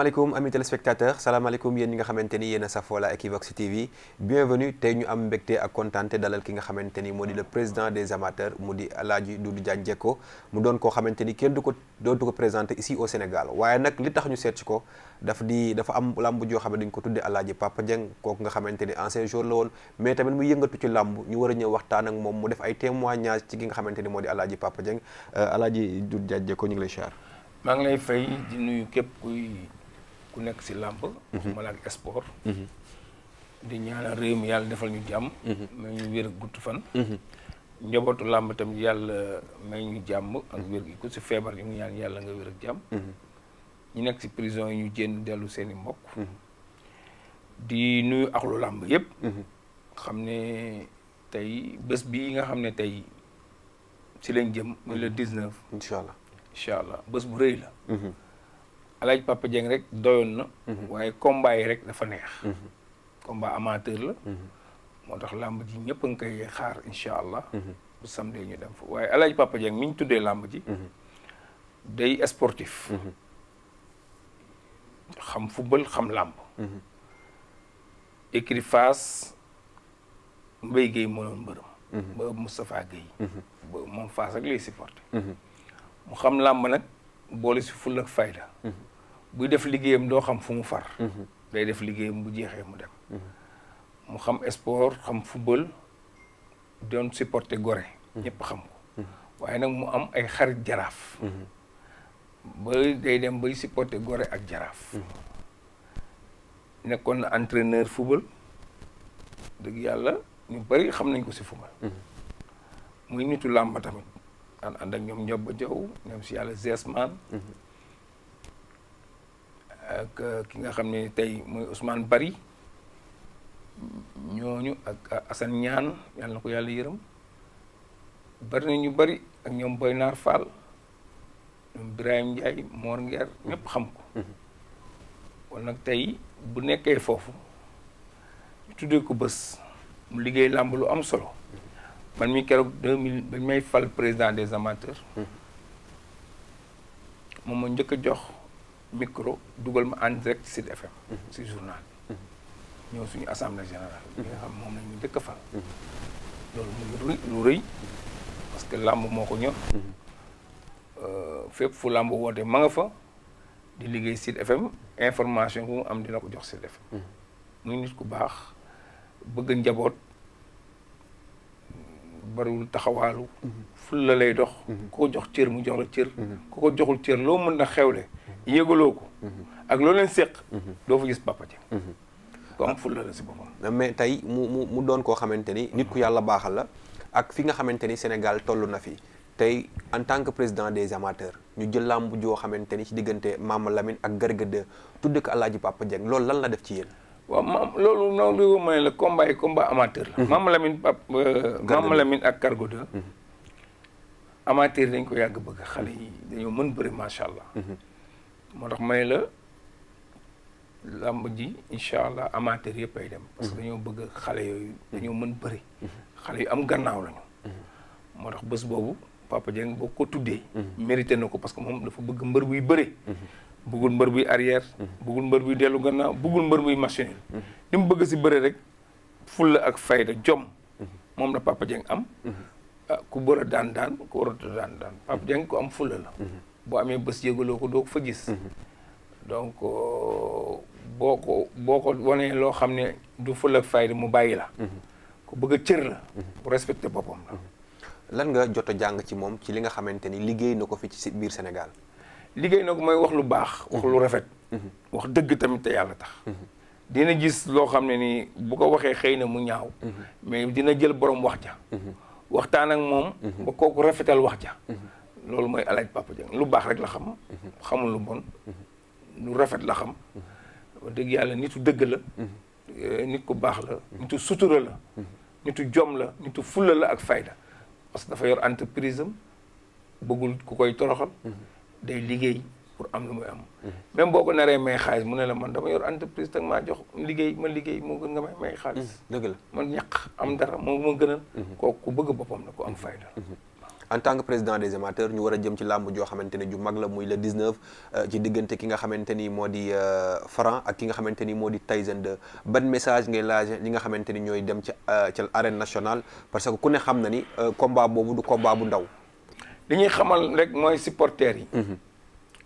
amit amis téléspectateurs salaamaaleykum yéen nga xamante ni yéen a safoo la Equivox TV bienvenue tey ñu am mbégte ak kontaante dalal ki nga xamante ni moo di le président des amateurs mu di El Hadj Doudou Diagne Diecko mu doon koo xamante ni kenn du ko dootu ko présenté ici au Sénégal waaye nag li tax ñu seet si ko daf di dafa am lamb joo xam ne dañ ko tuddee El Hadj Papa Dieng kooku nga xamante ni ancien jour la woon mais tamit mu yëngatu ci lamb ñu war a ñëw waxtaan ak moom mu def ay témoignage ci ki nga xamante ni moo di El Hadj Papa Dieng euh, El Hadj ñu ngi lay ziar. maa ngi lay fay di nuyu képp kuy ku nekk si làmb mhm. waxuma la ak sport mhm. di ñaanal réew mi yàlla defal ñu jàmm mhm. may ñu wér gudd fan njabootu làmb tamit yàlla may ñu jàmm ak wér gi ku si feebar ñu ngi ñaan yàlla nga wér ak jàmm ñu nekk si prison yi ñu jénn dellu seeni i mbokk di nuyu axlu làmb yëpp xam ne tey bés bi nga xam ne tey si lañ jëm muy le 19 incha allah incha bés bu rëy la alaaj Papa Dieng rek doyoon na. Mhm. waaye combat yi rek dafa neex. Mhm. combat amateur la. Mhm. moo tax làmb ji ñëpp a ngi koy xaar incha allah. bu samedi ñu dem fa waaye alaaj Papa Dieng mi ñu tuddee làmb ji. day sportif. xam football xam làmb. écrit Fass Mbaye Guèye mënoon mbërëm. ba Moustapha moom Fass rek lay supporté. mu xam làmb nag boole si ful ak fayda. buy def liggéeyam doo xam fu mu far. Mhm. day def liggéeyam bu jeexee mu dem. Mhm. mu xam sport xam football doon supporter gore mhm. ñëpp xam ko. waaye nag mu am ay xarit jaraaf. ba day dem bay supporter gore ak jaraaf. nekkoon na entraîneur football dëgg yàlla ñu bari xam nañ ko si football. muy nitu làmba tamit daan ànd ak ñoom Ndiob Diaw ñoom si yàlla Zesman. ak euh, ki nga xam ne tey mooy Ousmane Bari ñooñu ak Assane Ñaan yàlla ko yàlla yërëm bari na ñu bari ak ñoom Boy Naar Fall ñoom Birahim Ndiaye Mor Nguer ñëpp xam ko kon nag tey bu nekkee foofu ñu tuddee ko bës mu liggéey làmb lu am solo man mi keroog deux mil bañ may fal président des amateurs moom ma njëkk a jox micro dugal ma en direct Sud FM. si mhm. journal mhm. ñëw suñu assemblée générale. bi mhm. xam moom la ñu njëkk a fal. loolu muy lu rëy parce que làmb moo ko ñor. Euh, fépp fu làmb woote manga fa di liggéey Sud FM information bu mu am dina ko jox Sud FM. muy nit ku baax bëgg njaboot bariwul taxawaalu. ful la lay dox. ku ko jox cër mu jox la cër. ku ko joxul cër loo mën na xewle. yëgaloo ko. Mhm. ak loo leen séq. Mhm. doo fa gis papa ji. Mhm. ko ah. fulla la si boppam. mais tey mu mu mu doon koo xamante ni nit ku yàlla baaxal la ak fi nga xamante ni Sénégal toll na fi tey en tant que président des amateurs ñu jël làmb joo xamante ni ci diggante Mama Lamine ak Garga 2 tudd ko Alaaji Papa Dieng loolu lan la def ci yéen. waaw maam loolu noonu la ma ne la combat yi combat amateur la. Mama Lamine Papa euh, Mama Lamine ak Garga 2. amateur dañ ko yàgg bëgg xale yi mën macha allah. moo tax ma la làmb ji incha allah amateur yëpp ay dem. parce que mhm. dañoo bëgg xale yooyu mhm. dañoo mën bëri. Mhm. xale yu am gannaaw lañu. moo tax bés boobu Papa Dieng boo ko tuddee. mérité na ko parce que moom dafa bëgg mbër buy bëri. bëggul mbër buy arrière. bëggul mbër buy dellu gannaaw bëggul mbër buy machine. li mu bëgg si bëri rek fulla ak fayda jom. moom la Papa Dieng am. Ah ku bëra daan daan ku waratu daan daan Papa Dieng ku am fulla la. boo amee bés yëgaloo ko doo ko fa gis mhm. donc euh, boo ko boo ko wanee loo xam ne du ful ak fayda mu bàyyi la mhm. ku bëgg a cër la mhm. ku respecté boppam la lan nga jot jàng ci moom ci li nga xamante ni liggéey na ko fi ci biir Sénégal liggéey na ko mooy wax lu baax wax lu rafet wax dëgg tamit te yàlla tax dina gis loo xam ne ni bu ko waxee xëy na mu ñaaw mais dina jël borom wax ja waxtaan ak moom kooku rafetal wax ja loolu mooy alaaj Papa Dieng lu baax rek la xam xamul lu bon lu rafet la xam dëgg yàlla nitu dëgg la eh, nit ku baax la nitu sutura la nitu jom la nitu fulla la ak fayda parce que dafa yor entreprise am bëggul ku koy toroxal day liggéey pour am lu muy am même boo ko naree may xaalis mu ne la man dama yor entreprise tag maa jox liggéey ma liggéey moo gën nga may xaalis dëgg la man ñaq am dara moo ma gënal kooku ku bëgg boppam na ku am fayda en tant que président des amateurs ñu war a jëm ci làmb joo xamante ne ju mag la muy le 19 euh, ci diggante ki nga xamante ni moo di euh, Franc ak ki nga xamante ni moo di Tyson 2 ban message ngay laaj li nga xamante ni ñooy dem ci euh, ca arène nationale parce que ku ne xam na ni combat boobu du combat bu ndaw. li ñuy xamal rek mooy supporters yi. Mhm.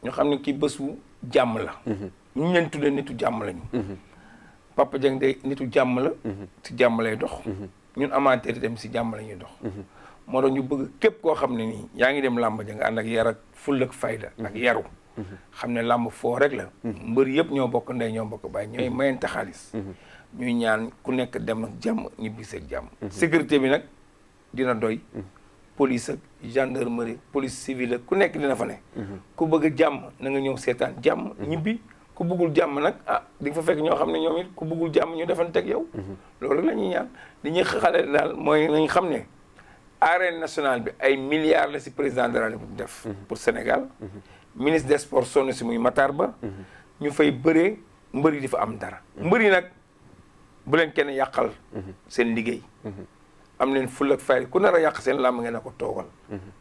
ñu xam ne kii bésu jàmm la. Mhm. ñu leen nitu jàmm lañu. Mhm. Papa Dieng de nitu jàmm la. ci jàmm lay dox. ñun amateurs yi dem si jàmm la ñuy dox. moo tax ñu bëgg képp koo xam ne nii yaa ngi dem làmb ja ànd ak yar ak ful ak fayda mhm. ak yaru mhm. xam ne làmb foo rek la mhm. mbër yëpp ñoo bokk ndey ñoo bokk bàyyi ñooy mayante xaalis ñuy ñaan ku nekk dem ak jàmm ñu bis jàmm sécurité bi nag dina doy police ak gendarmerie police civile ku nekk dina fa ne ku bëgg jàmm na nga ñëw seetaan jàmm ñibbi ku bëggul jàmm nag ah di nga fa fekk ñoo xam ne ñoom it ku bëggul jàmm ñu defanteeg ak yow loolu rek la ñaan li ñuy xale daal mooy nañ xam ne arène nationale bi ay milliards la si président de la République def. Mhm. pour Sénégal. Mhm. ministre des sports sonn si muy Matar Ba. Mhm. ñu fay bëree mbëri di fa am dara. mbëri nag bu leen kenn yàqal. seen liggéey. am leen ful ak fay ku nar a yàq seen làmb ngeen ko toogal.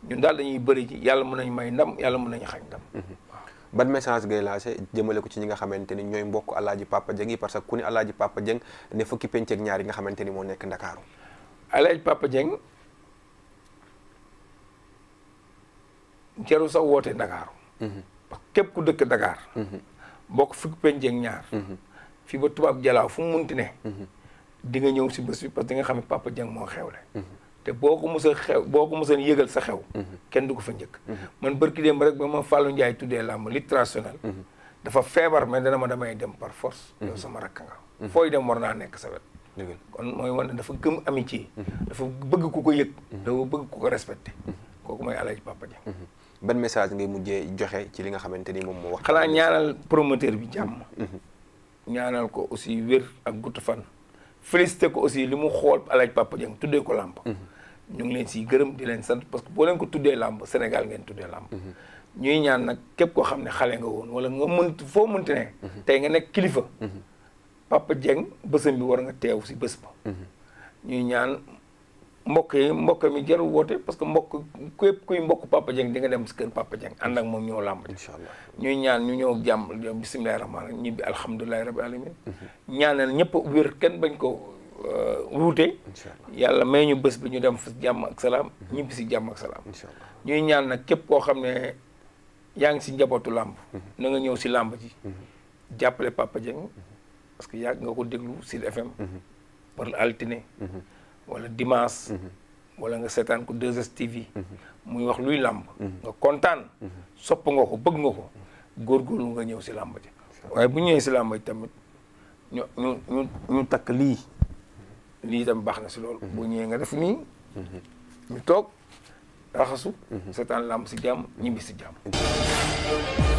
ñun daal dañuy bëri yàlla mën nañu may ndam yàlla mën nañu xañ ndam. ban message ngay lancé jëmale ko ci ñi nga xamante ni ñooy mbokk Alaaji Papa Dieng que ku ne Alaaji Papa Dieng ne fukki penc ñaar yi nga xamante ni moo nekk Ndakaaru. Alaaji Papa Dieng jarul sax woote Dakar. képp ku dëkk Dakar. bokk fukki penc ak ñaar. fii ba tubaab jalaaw fu mu munti ne. di nga ñëw si bés bi parce que nga xam ne papa Dieng moo xewle. te boo ko mos xew boo ko mos a yëgal sa xew. kenn du ko fa njëkk. man barki démb rek ba ma Fallou Ndiaye tuddee làmb li traditionnel. dafa feebar mais dana ma damay dem par force. yow sama rakk nga. fooy dem war naa nekk sa wet. kon mooy wane dafa gëm amitié. dafa bëgg ku ko yëg. dafa bëgg ku respecté. kooku mooy El Hadj ban message ngay mujjee joxe ci li nga xamante ni moom moo wax. xanaa ñaanal promoteur bi jàmm. Mhm. ñaanal ko aussi wér ak gudd fan. félicité ko aussi li mu xool alaaj Papa Dieng tuddee ko làmb mhm. ñu ngi leen siy gërëm di leen sant parce que boo leen ko tuddee làmb Sénégal ngeen tuddee làmb mhm. ñuy ñaan nag képp koo xam ne xale nga woon wala nga mënt foo mënti ne tey nga nekk kilifa Papa Dieng bësam bi war nga teew si bés ba ñuy ñaan mbokk yi mbokk mi jarul woote parce que mbokk képp kuy mbokk Papa Dieng nga dem si kër Papa Dieng ànd ak moom ñoo làmb incha allah ñuy ñaan ñu ñëw jàmm bisimilahi rahmaan ñibbi alhamdulilahi rabi alamin mhm. ñaanal ñëpp wér kenn bañ ko euh, wuute yàlla may ñu bés bi ñu dem fa jàmm ak salaam mhm. ñibbi si jàmm ak salaam ñuy ñaan nag képp koo xam ne yaa ngi si njabootu làmb mhm. na nga ñëw si làmb ji jàppale Papa Dieng parce que yàgg nga ko déglu Sud FM par altine wala dimanche. Mhm. wala nga seetaan ko 2 mhm. muy wax luy làmb. Mhm. nga kontaan. sopp nga ko bëgg nga ko. góor góorgóorlu nga ñëw si làmb ji. waaye bu ñëwee si làmb ji tamit ñu ñu ñu ñu takk lii. lii tam baax na si loolu. bu ñëwee nga def nii. ñu toog raxasu. seetaan làmb si jàmm ñibbi si jàmm.